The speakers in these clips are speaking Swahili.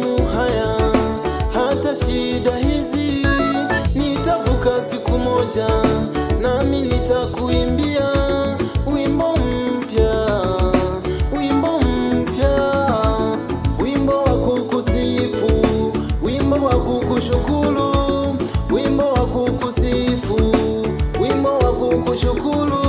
magumu haya, hata shida hizi nitavuka siku moja, nami nitakuimbia wimbo mpya, wimbo mpya, wimbo wa kukusifu, wimbo wa kukushukuru, wimbo wa kukusifu, wimbo wa kukushukuru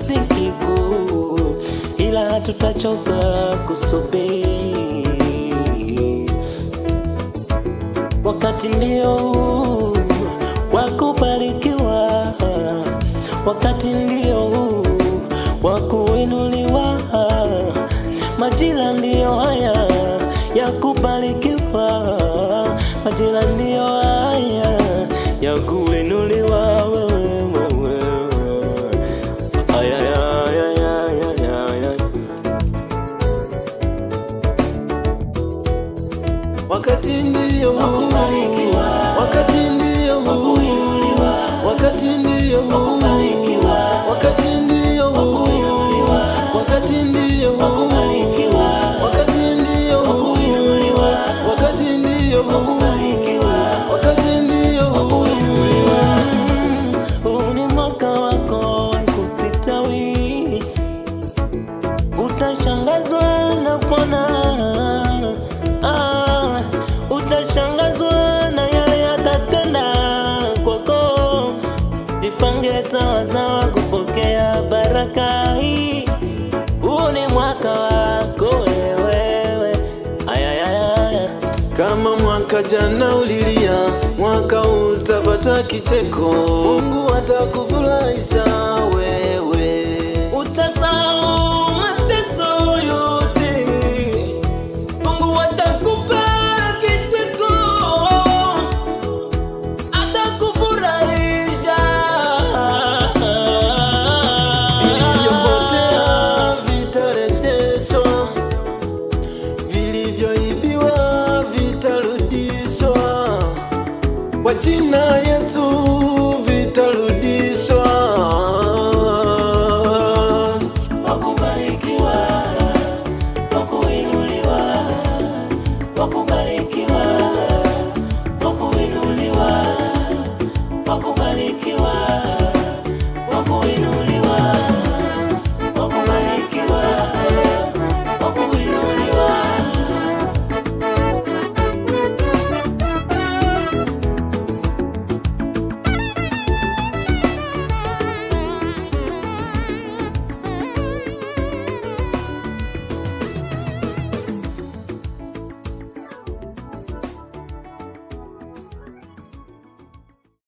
usikivu, ila tutachoka kusubiri. Wakati ndio huu wa kubarikiwa, wakati ndio huu wa kuinuliwa, majira ndiyo haya ya kubarikiwa, majira ndiyo haya ya kuinuliwa. wakati ndio huu, wakati ndio huu, wakati ndio huu, wakati ndio huu, wakati ndio huu, wakati ndio huu, wakati ndio huu, wakati ndio huu. Huu ni mwaka wako kusitawi, utashangazwa na kuona ah. kwako, jipange sawa sawa kupokea baraka hii. Huu ni mwaka wako wewe, Kama mwaka jana ulilia, mwaka utapata kicheko, Mungu atakufurahisha wewe